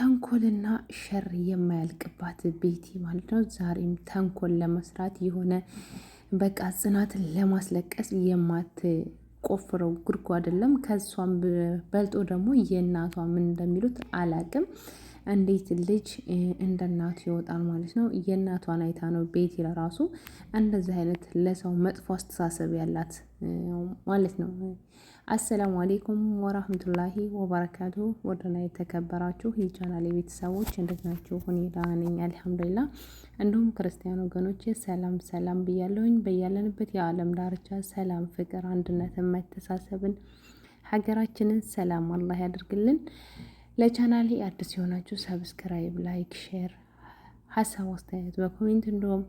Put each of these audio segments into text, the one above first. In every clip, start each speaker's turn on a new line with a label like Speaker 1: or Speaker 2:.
Speaker 1: ተንኮልና ሸር የማያልቅባት ቤቲ ማለት ነው። ዛሬም ተንኮል ለመስራት የሆነ በቃ ጽናትን ለማስለቀስ የማትቆፍረው ጉድጓድ አይደለም። ከሷም በልጦ ደግሞ የእናቷ ምን እንደሚሉት አላቅም። እንዴት ልጅ እንደ እናቱ ይወጣል ማለት ነው። የእናቷን አይታ ነው ቤቲ ለራሱ እንደዚህ አይነት ለሰው መጥፎ አስተሳሰብ ያላት ማለት ነው። አሰላሙ አሌይኩም ወራህመቱላሂ ወበረካቱ። ወደና የተከበራችሁ የቻናል ቤተሰቦች እንዴት ናችሁ? እኔ ነኝ አልሐምዱሊላህ። እንዲሁም ክርስቲያን ወገኖች ሰላም ሰላም ብያለሁኝ። በያለንበት የዓለም ዳርቻ ሰላም፣ ፍቅር፣ አንድነትን፣ መተሳሰብን ሀገራችንን ሰላም አላህ ያደርግልን። ለቻናሌ አዲስ የሆናችሁ ሰብስክራይብ፣ ላይክ፣ ሼር ሀሳብ አስተያየት በኮሜንት እንዲሁም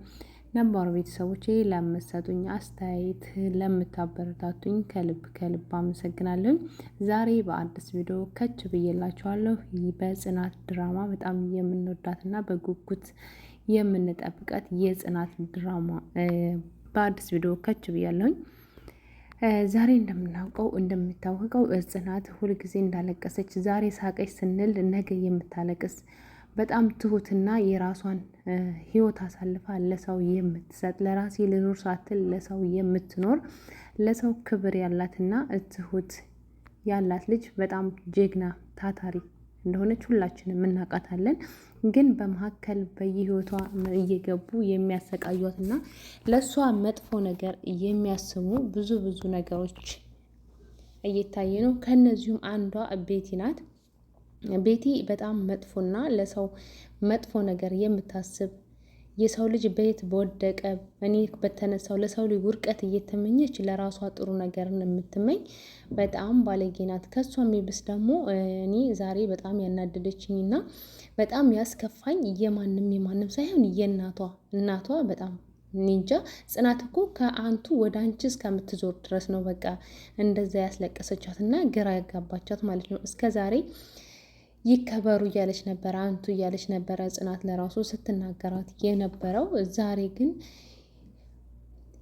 Speaker 1: ነባሩ ቤተሰቦች ለምትሰጡኝ አስተያየት ለምታበረታቱኝ ከልብ ከልብ አመሰግናለሁ። ዛሬ በአዲስ ቪዲዮ ከች ብዬላችኋለሁ። በጽናት ድራማ በጣም የምንወዳትና በጉጉት የምንጠብቃት የጽናት ድራማ በአዲስ ቪዲዮ ከች ብያለሁኝ። ዛሬ እንደምናውቀው እንደሚታወቀው ጽናት ሁልጊዜ እንዳለቀሰች ዛሬ ሳቀች ስንል ነገ የምታለቅስ በጣም ትሁትና የራሷን ህይወት አሳልፋ ለሰው የምትሰጥ ለራሴ ልኖር ሳትል ለሰው የምትኖር ለሰው ክብር ያላትና ትሁት ያላት ልጅ በጣም ጀግና ታታሪ እንደሆነች ሁላችንም እናውቃታለን። ግን በመካከል በየህይወቷ እየገቡ የሚያሰቃዩትና ለእሷ መጥፎ ነገር የሚያስቡ ብዙ ብዙ ነገሮች እየታየ ነው። ከእነዚሁም አንዷ ቤቲ ናት። ቤቲ በጣም መጥፎና ለሰው መጥፎ ነገር የምታስብ የሰው ልጅ በየት በወደቀ እኔ በተነሳው ለሰው ልጅ ውርቀት እየተመኘች ለራሷ ጥሩ ነገርን የምትመኝ በጣም ባለጌ ናት። ከሷ የሚብስ ደግሞ እኔ ዛሬ በጣም ያናደደችኝና በጣም ያስከፋኝ የማንም የማንም ሳይሆን የእናቷ እናቷ በጣም ኒንጃ ጽናት እኮ ከአንቱ ወደ አንቺ እስከምትዞር ድረስ ነው በቃ እንደዛ ያስለቀሰቻት እና ግራ ያጋባቻት ማለት ነው እስከ ዛሬ ይከበሩ እያለች ነበረ፣ አንቱ እያለች ነበረ ጽናት ለራሱ ስትናገራት የነበረው። ዛሬ ግን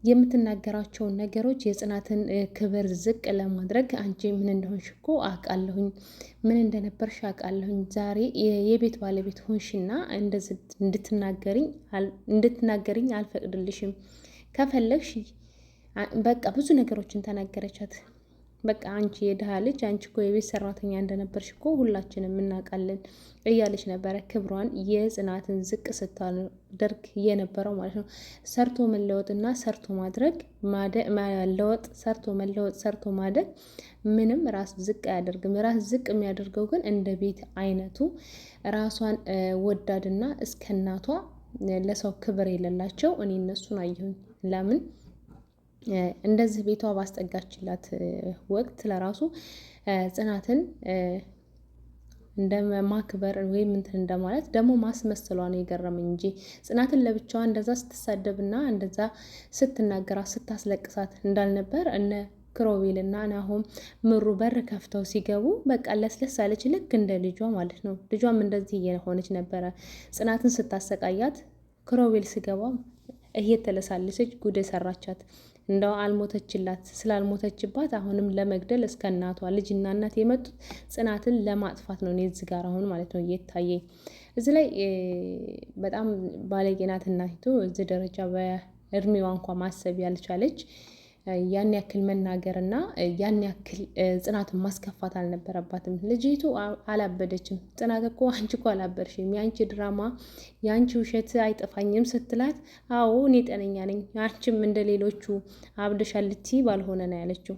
Speaker 1: የምትናገራቸውን ነገሮች የጽናትን ክብር ዝቅ ለማድረግ አንቺ ምን እንደሆንሽ እኮ አውቃለሁኝ፣ ምን እንደነበርሽ አውቃለሁኝ። ዛሬ የቤት ባለቤት ሆንሽና እንድትናገርኝ አልፈቅድልሽም። ከፈለግሽ በቃ ብዙ ነገሮችን ተናገረቻት። በቃ አንቺ የድሃ ልጅ አንቺ እኮ የቤት ሰራተኛ እንደነበርሽ እኮ ሁላችንም እናውቃለን እያለች ነበረ። ክብሯን የጽናትን ዝቅ ስታደርግ የነበረው ማለት ነው። ሰርቶ መለወጥና ሰርቶ ማድረግ ለወጥ ሰርቶ መለወጥ፣ ሰርቶ ማደግ ምንም ራስ ዝቅ አያደርግም። ራስ ዝቅ የሚያደርገው ግን እንደ ቤት አይነቱ ራሷን ወዳድና እስከ እናቷ ለሰው ክብር የሌላቸው እኔ እነሱን አየሁኝ ለምን እንደዚህ ቤቷ ባስጠጋችላት ወቅት ለራሱ ጽናትን እንደማክበር ወይም እንትን እንደማለት ደግሞ ማስመሰሏ ነው የገረመኝ እንጂ ጽናትን ለብቻዋ እንደዛ ስትሳደብና እንደዛ ስትናገራት ስታስለቅሳት እንዳልነበር እነ ክሮቤል እና ናሆም ምሩ በር ከፍተው ሲገቡ በቃ ለስለስ አለች፣ ልክ እንደ ልጇ ማለት ነው። ልጇም እንደዚህ እየሆነች ነበረ። ጽናትን ስታሰቃያት ክሮቤል ሲገባ እየተለሳለሰች ጉድ ሰራቻት። እንደው አልሞተችላት ስላልሞተችባት አሁንም ለመግደል እስከ እናቷ ልጅና እናት የመጡት ጽናትን ለማጥፋት ነው። እኔ እዚህ ጋር አሁን ማለት ነው እየታየኝ እዚህ ላይ በጣም ባለጌ ናት እናቲቱ። እዚህ ደረጃ በእድሜዋ እንኳ ማሰብ ያልቻለች ያን ያክል መናገር እና ያን ያክል ጽናትን ማስከፋት አልነበረባትም። ልጅቱ አላበደችም። ጽናት እኮ አንቺ እኮ አላበድሽም፣ የአንቺ ድራማ የአንቺ ውሸት አይጠፋኝም ስትላት፣ አዎ እኔ ጤነኛ ነኝ፣ አንቺም እንደ ሌሎቹ አብደሻልቲ ባልሆነ ነው ያለችው።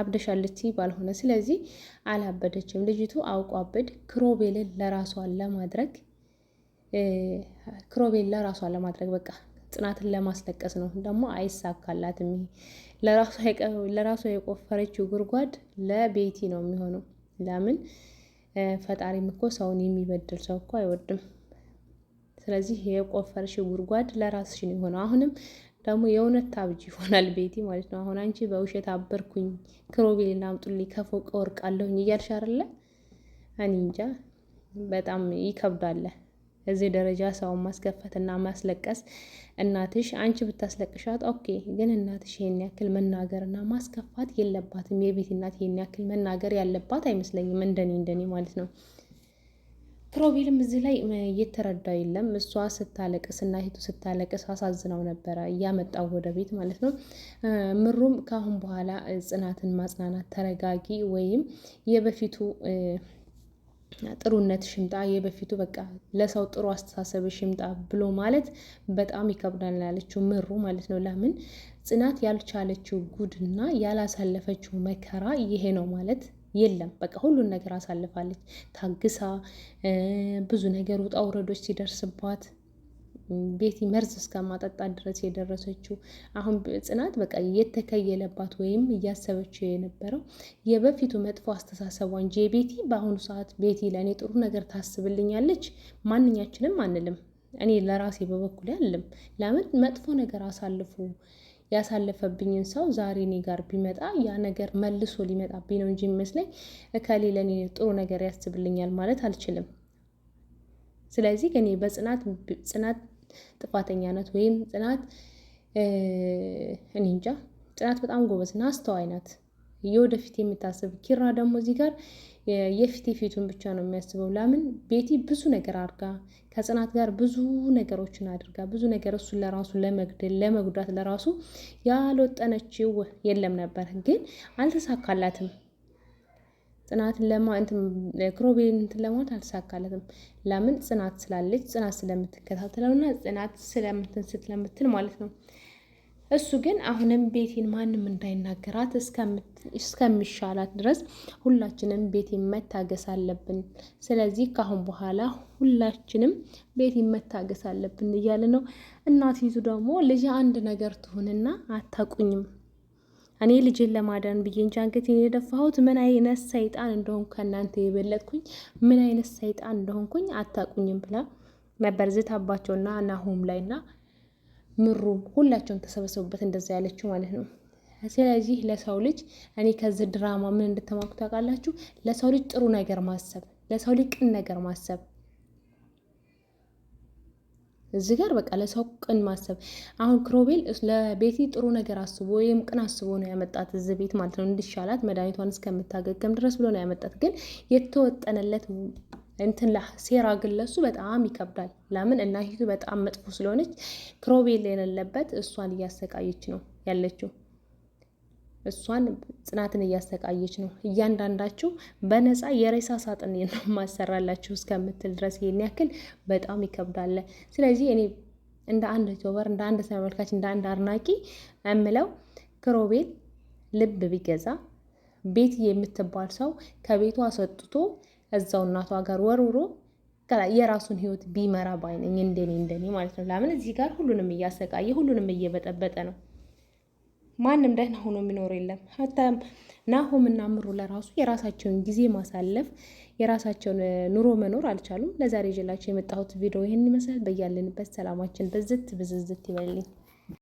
Speaker 1: አብደሻልቲ ባልሆነ ስለዚህ አላበደችም ልጅቱ። አውቋ አበድ ክሮቤልን ለራሷን ለማድረግ ክሮቤል ለራሷን ለማድረግ በቃ ጽናትን ለማስለቀስ ነው። ደግሞ አይሳካላትም። ለራሷ የቆፈረችው ጉድጓድ ለቤቲ ነው የሚሆነው። ለምን ፈጣሪም እኮ ሰውን የሚበድል ሰው እኮ አይወድም። ስለዚህ የቆፈረችው ጉድጓድ ለራስሽ ነው የሆነው። አሁንም ደግሞ የእውነት ታብጅ ይሆናል ቤቲ ማለት ነው። አሁን አንቺ በውሸት አበርኩኝ፣ ክሮቤል ናምጡልኝ ከፎቅ ወርቃለሁኝ እያልሽ አይደለ? እኔ እንጃ በጣም ይከብዳል። እዚህ ደረጃ ሰውን ማስከፈትና ማስለቀስ እናትሽ አንቺ ብታስለቅሻት ኦኬ፣ ግን እናትሽ ይሄን ያክል መናገርና ማስከፋት የለባትም። የቤት እናት ይሄን ያክል መናገር ያለባት አይመስለኝም፣ እንደኔ እንደኔ ማለት ነው። ፕሮቢልም እዚህ ላይ እየተረዳ የለም። እሷ ስታለቅስ እና ሂቱ ስታለቅስ አሳዝነው ነበረ እያመጣው ወደ ቤት ማለት ነው። ምሩም ከአሁን በኋላ ጽናትን ማጽናናት ተረጋጊ፣ ወይም የበፊቱ ጥሩነት ሽምጣ የበፊቱ በቃ ለሰው ጥሩ አስተሳሰብ ሽምጣ ብሎ ማለት በጣም ይከብዳል ያለችው ምሩ ማለት ነው። ለምን ጽናት ያልቻለችው ጉድና ያላሳለፈችው መከራ ይሄ ነው ማለት የለም። በቃ ሁሉን ነገር አሳልፋለች ታግሳ ብዙ ነገር ውጣ ውረዶች ሲደርስባት ቤቲ መርዝ እስከማጠጣ ድረስ የደረሰችው አሁን ጽናት በቃ እየተከየለባት ወይም እያሰበችው የነበረው የበፊቱ መጥፎ አስተሳሰቧ እንጂ የቤቲ በአሁኑ ሰዓት ቤቲ ለእኔ ጥሩ ነገር ታስብልኛለች ማንኛችንም አንልም። እኔ ለራሴ በበኩል አልልም። ለምን መጥፎ ነገር አሳልፎ ያሳለፈብኝን ሰው ዛሬ እኔ ጋር ቢመጣ ያ ነገር መልሶ ሊመጣብኝ ነው እንጂ የሚመስለኝ እከሌ ለእኔ ጥሩ ነገር ያስብልኛል ማለት አልችልም። ስለዚህ እኔ በጽናት ጽናት ጥፋተኛነት ወይም ጽናት እኔ እንጃ። ጽናት በጣም ጎበዝና አስተዋይ ናት፣ የወደፊት የምታስብ ኪራ ደግሞ እዚህ ጋር የፊት የፊቱን ብቻ ነው የሚያስበው። ለምን ቤቲ ብዙ ነገር አድርጋ ከጽናት ጋር ብዙ ነገሮችን አድርጋ ብዙ ነገር እሱን ለራሱ ለመግደል ለመጉዳት ለራሱ ያልወጠነችው የለም ነበር፣ ግን አልተሳካላትም። ጽናት ለማ ክሮቤል እንትን ለማለት አልተሳካለትም። ለምን ጽናት ስላለች ጽናት ስለምትከታተለውና ጽናት ስለምትን ስለምትል ማለት ነው። እሱ ግን አሁንም ቤቴን ማንም እንዳይናገራት እስከሚሻላት ድረስ ሁላችንም ቤቴን መታገስ አለብን። ስለዚህ ከአሁን በኋላ ሁላችንም ቤቴን መታገስ አለብን እያለ ነው። እናቲቱ ደግሞ ልጅ አንድ ነገር ትሁንና አታቁኝም እኔ ልጅን ለማዳን ብዬ እንጂ አንገቴን የደፋሁት ምን አይነት ሰይጣን እንደሆን ከእናንተ የበለጥኩኝ ምን አይነት ሰይጣን እንደሆንኩኝ አታቁኝም ብላ ነበር ዝታባቸውና ናሆም ላይና ምሩ ሁላቸውም ተሰበሰቡበት እንደዛ ያለችው ማለት ነው። ስለዚህ ለሰው ልጅ እኔ ከዚህ ድራማ ምን እንደተማርኩ ታውቃላችሁ? ለሰው ልጅ ጥሩ ነገር ማሰብ፣ ለሰው ልጅ ቅን ነገር ማሰብ እዚህ ጋር በቃ ለሰው ቅን ማሰብ። አሁን ክሮቤል ለቤቲ ጥሩ ነገር አስቦ ወይም ቅን አስቦ ነው ያመጣት እዚህ ቤት ማለት ነው፣ እንዲሻላት መድኃኒቷን እስከምታገገም ድረስ ብሎ ነው ያመጣት። ግን የተወጠነለት እንትን ሴራ ግን ለሱ በጣም ይከብዳል። ለምን እናቲቱ በጣም መጥፎ ስለሆነች ክሮቤል የሌለበት እሷን እያሰቃየች ነው ያለችው። እሷን ጽናትን እያሰቃየች ነው። እያንዳንዳችሁ በነፃ የሬሳ ሳጥን ነው ማሰራላችሁ እስከምትል ድረስ ይሄን ያክል በጣም ይከብዳል። ስለዚህ እኔ እንደ አንድ ቶበር እንደ አንድ ተመልካች፣ እንደ አንድ አድናቂ እምለው ክሮቤል ልብ ቢገዛ ቤት የምትባል ሰው ከቤቱ አስወጥቶ እዛው እናቷ ጋር ወርውሮ የራሱን ህይወት ቢመራ ባይነኝ እንደኔ እንደኔ ማለት ነው። ለምን እዚህ ጋር ሁሉንም እያሰቃየ ሁሉንም እየበጠበጠ ነው። ማንም ደህና ሆኖ የሚኖር የለም። ሀታ ናሆም እና ምሩ ለራሱ የራሳቸውን ጊዜ ማሳለፍ የራሳቸውን ኑሮ መኖር አልቻሉም። ለዛሬ ይዤላቸው የመጣሁት ቪዲዮ ይህን ይመስላል። በያለንበት ሰላማችን ብዝት ብዝዝት ይበልኝ።